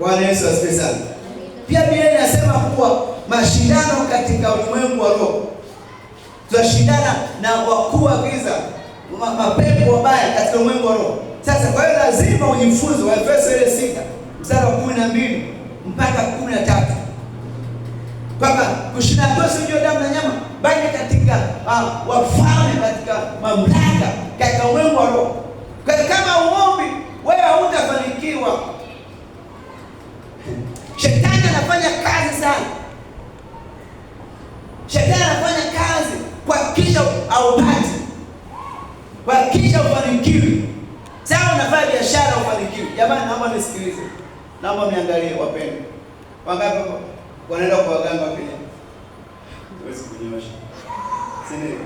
Bwana Yesu asifiwe sana. Pia Biblia inasema kuwa mashindano katika ulimwengu wa roho, tunashindana na wakuu wa giza, mapepo mabaya katika ulimwengu wa roho. Sasa kwa hiyo lazima ujifunze Waefeso ile sita mstari wa kumi na mbili mpaka kumi na tatu kwamba kushindana kwa sio damu na nyama, bali katika uh, wafalme, katika mamlaka, katika ulimwengu wa roho. Kama uombi wewe hautafanikiwa sana. Shetani anafanya kazi kuhakikisha haupati, kuhakikisha ufanikiwi. Sasa unafanya biashara ufanikiwi. Jamani, naomba nisikilize, naomba niangalie, wapendwa, wangapi wanaenda kwa waganga pia? Huwezi kunyosha, si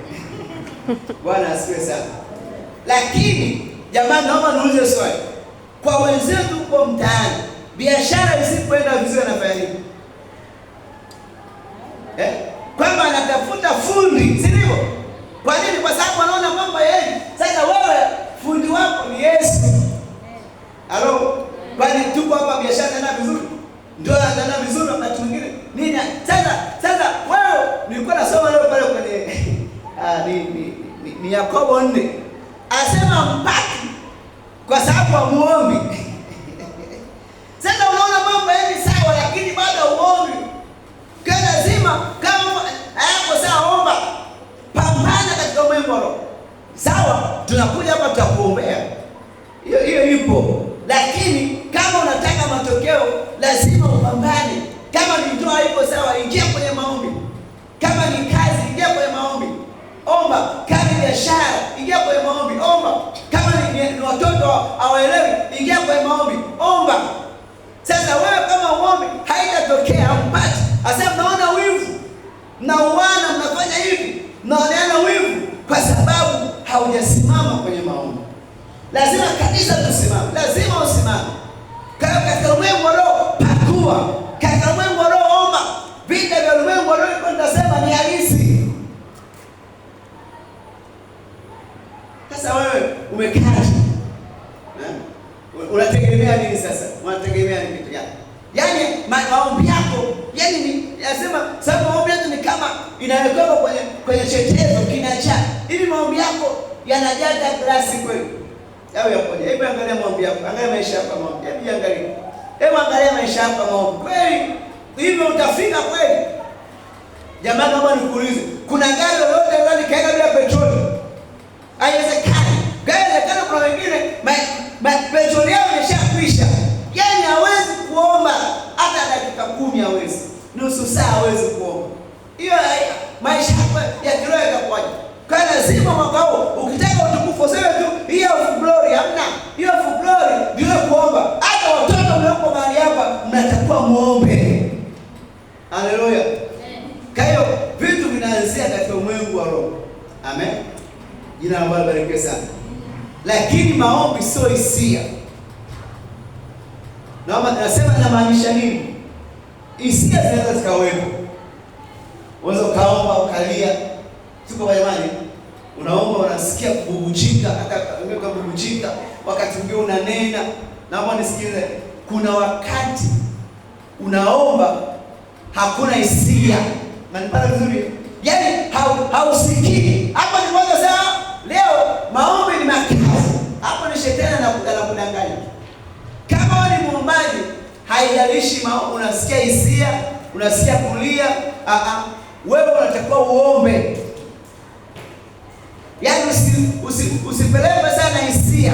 Bwana asifiwe sana. Lakini jamani, naomba niulize swali kwa wenzetu kwa mtaani, biashara isipoenda vizuri, anafanya nini? eh, kwamba anatafuta fundi, si ndivyo? Kwa nini? Kwa sababu anaona mambo yeye. Sasa wewe fundi wako ni Yesu. Halo, kwani tuko hapa biashara inaenda vizuri, ndio inaenda vizuri wakati mwingine nini. Sasa sasa wewe nilikuwa nasoma leo pale kwenye ah, ni, ni, ni, ni Yakobo nne omba. kazi biashara, ingia kwenye maombi, omba. Kama ni watoto hawaelewi, ingia kwenye maombi, omba. Sasa wewe kama uombi haitatokea, hampati asa, mnaona wivu, mnauana, mnafanya hivi, mnaoneana wivu kwa sababu haujasimama kwenye maombi. Lazima kabisa tusimame, lazima usimame katika ulimwengu wa roho, pakua katika umekata eh? unategemea nini sasa? Unategemea nini kitu gani? Yaani maombi yako yani ni nasema sababu maombi yetu ni kama inawekwa kwenye kwenye chetezo kinacha. Hivi maombi yako yanajaza glasi kweli? Yao yakoje? Hebu angalia maombi yako. Angalia maisha yako maombi. Hebu angalia. Hebu angalia maisha yako maombi. Kweli hivyo utafika kweli? Jamaa, kama nikuulize, kuna gari lolote petroli yao imeshakwisha, yaani hawezi kuomba hata dakika kumi, hawezi nusu saa, hawezi kuomba. Hiyo maisha ya kiroho itakuwaje? Kwa lazima mwaka huu ukitaka utukufu useme tu hiyo of glory, hamna hiyo of glory, ndio kuomba. Hata watoto mlioko mahali hapa muombe. Haleluya! Kwa hiyo vitu vinaanzia katika wa roho. Amen. Jina la Bwana barikiwe sana lakini maombi sio hisia. Nasema namaanisha nini? Hisia zinaweza zikawepo, unaweza ukaomba ukalia, tuko jamani, unaomba unasikia kububujika, hata kububujika, wakati mwingine unanena. Naomba nisikilize, kuna wakati unaomba hakuna hisia, nanipata vizuri, yaani hausikii hapa, niaa haijalishi unasikia hisia, unasikia kulia, ah, ah. wewe unatakiwa uombe. Yaani usipelekwe sana hisia,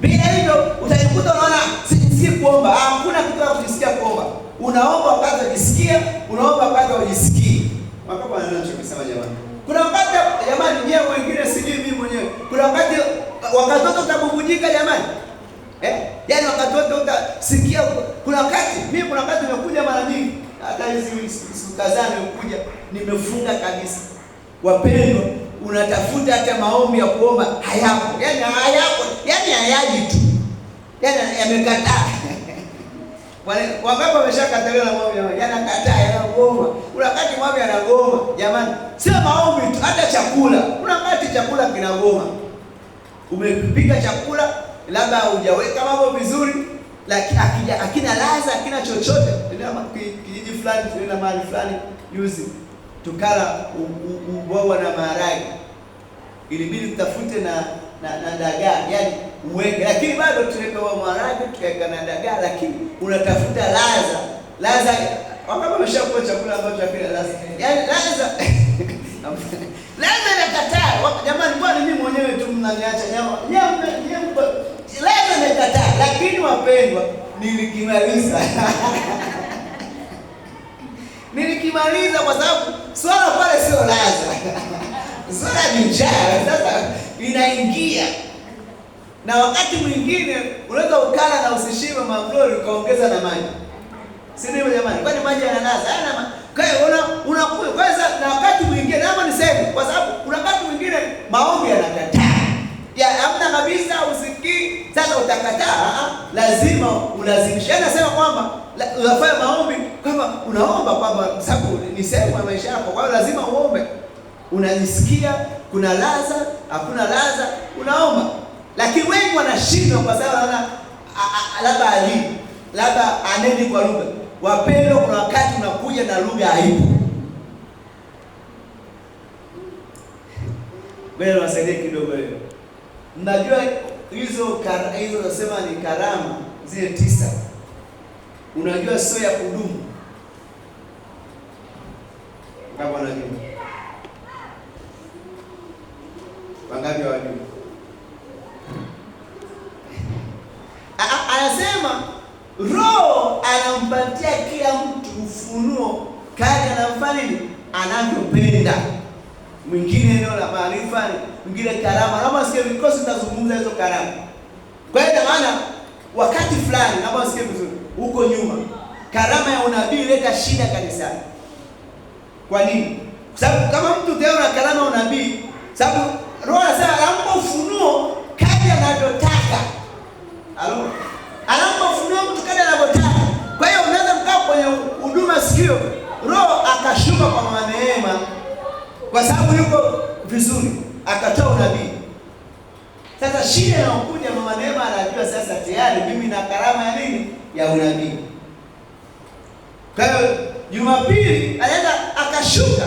bila hivyo utajikuta unaona sijisikii kuomba. Ah, hakuna kitu cha kujisikia kuomba, unaomba wakati unajisikia, unaomba wakati hujisikii. Nachokisema jamani, kuna wakati jamani, nyewe wengine, sijui mimi mwenyewe, kuna wakati wakati wakatoto utabubujika jamani sikia, kuna wakati mimi, kuna wakati nimekuja mara nyingi, hata hizi siku kadhaa nimekuja, nimefunga kabisa. Wapendwa, unatafuta hata maombi ya kuomba hayapo, yani hayapo, yani hayaji tu, yani yamekataa wangapi wameshakataliwa na maombi yanakataa, yanagoma. Kuna wakati maombi yanagoma, jamani, sio maombi tu, hata chakula. Kuna wakati chakula kinagoma, umepika chakula labda hujaweka mambo vizuri lakini akija akina laza akina chochote, kijiji fulani tunaenda mahali fulani juzi tukala ubwawa na maharage, ilibidi tutafute na na, na dagaa yani uwege lakini bado tuweka wa maharage na dagaa, lakini unatafuta laza laza, wakati umeshakuwa chakula ambacho akina laza yani laza laza inakataa. Jamani, kwani mimi mwenyewe tu mnaniacha nyama nyama leo nimekataa, lakini wapendwa, nilikimaliza nilikimaliza kwa sababu swala pale sio laza swala ni njaa sasa inaingia na wakati mwingine unaweza ukala na usishibe mablori ukaongeza na maji, si ndio jamani? Kwani maji yana ladha yana kwa hiyo una unakuwa kwa na wakati mwingine naomba niseme, kwa sababu kuna wakati mwingine maombi yanakataa ya hamna kabisa utakataa, ah, ah, lazima ulazimishe. Anasema yaani kwamba unafanya maombi kwamba unaomba kwamba, sababu ni sehemu ya maisha yako, kwa hiyo lazima uombe. Unajisikia kuna laza, hakuna laza, unaomba. Lakini wengi wanashindwa kwa sababu wana labda ajii labda anendi kwa lugha. Wapendwa, kuna wakati unakuja na lugha haipo. Wewe niwasaidie kidogo, wewe mnajua hizo hizo nasema ni karama zile tisa, unajua sio ya kudumu kama wanajua wangapi wajua. Anasema Roho anampatia kila mtu ufunuo kadri anavyopenda mwingine eneo la maarifa, mwingine karama. Naomba sikie vikosi tunazungumza hizo karama. Kwa hiyo maana wakati fulani, naomba sikie vizuri, huko nyuma karama ya unabii ileta shida kanisani. Kwa nini? Kwa sababu kama mtu tayari na karama ya unabii, sababu Roho anasema anampa ufunuo kadri anavyotaka. Alo? Anampa ufunuo mtu kadri anavyotaka. Kwa hiyo unaweza mkao kwenye huduma sikio, Roho akashuka kwa maana kwa sababu yuko vizuri, akatoa unabii. Sasa shida inayokuja, mama Neema anajua sasa tayari mimi na karama ya nini ya unabii. Kwa hiyo Jumapili anaenda akashuka,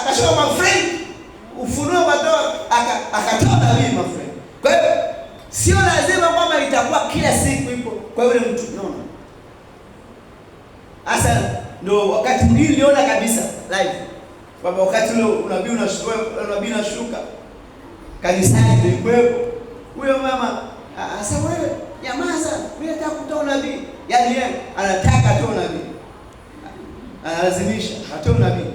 akashuka my friend, ufunuo katoa, akatoa unabii my friend. Kwa hiyo sio lazima kwamba itakuwa kila siku ipo kwa yule mtu, unaona asa ndo wakati mwingine niliona kabisa live kwamba wakati ule unabii unashuka, unabii unashuka kanisani, nilikuwepo. Huyo mama ah, asa, wewe nyamaza, wewe nataka kutoa unabii. Yaani yeye anataka tu unabii, analazimisha atoe unabii.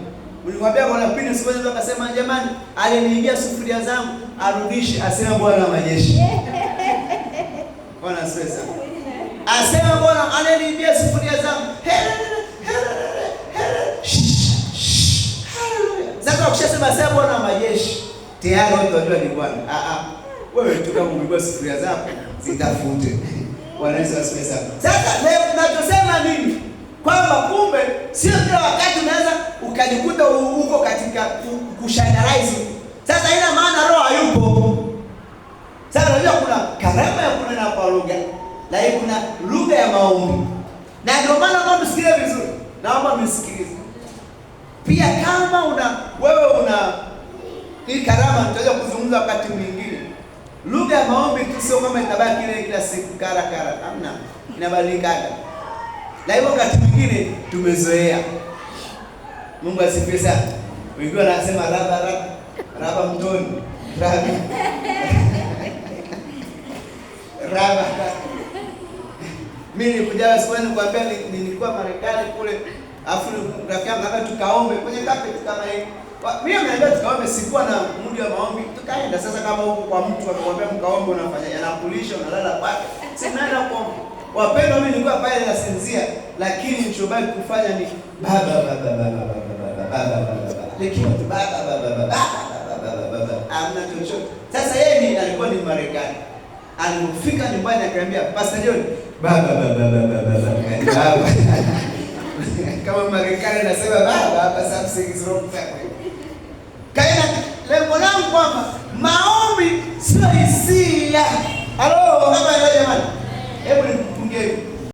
Ulimwambia bwana pindi siku moja, akasema jamani, aliniingia sufuria zangu arudishe, asema Bwana wa majeshi. Bwana sasa. asema Bwana aliniingia sufuria zangu Hey, Sasa ukishasema sasa Bwana majeshi, tayari watu wajua ni Bwana. Ah ah. Wewe tu kama kumjua sifuria zako zitafute. Wanaweza wasiwe sana. Sasa leo tunachosema nini? Kwamba kumbe sio kila wakati unaweza ukajikuta uko katika kushandarize. Sasa ina maana roho hayupo. Sasa unajua kuna karama ya kunena kwa lugha, lakini kuna lugha ya maombi. Na ndio maana naomba msikilize vizuri. Naomba msikilize. Pia kama una wewe una hii karama, nitaweza kuzungumza wakati mwingine. Lugha ya maombi tu sio kama itabaki ile kila siku kara kara, hamna, inabadilika. Na hivyo wakati mwingine tumezoea. Mungu asifiwe sana. Wengine wanasema raba raba raba mtoni raba raba. Mimi nilikuja siku nikuambia, nilikuwa Marekani kule Alafu rafiki yangu tukaombe kwenye carpet kama hii. Mimi nimeenda tukaombe, sikuwa na muda wa maombi. Tukaenda sasa kama huko kwa mtu amekwambia mkaombe unafanyaje? Anakulisha unalala kwake. Sinaenda kuomba. Wapendwa, mimi nilikuwa pale nasinzia, lakini nilichobaki kufanya ni baba baba baba baba baba. Nikiwa tu baba baba baba baba. Amna chochote. Sasa yeye ni alikuwa ni Marekani. Alipofika nyumbani akaniambia, Pastor John, baba baba baba baba kama Marekani anasema baba hapa something is wrong family. Kaina lengo langu kwamba maombi sio hisia. Halo, kama ndio jamani. Hebu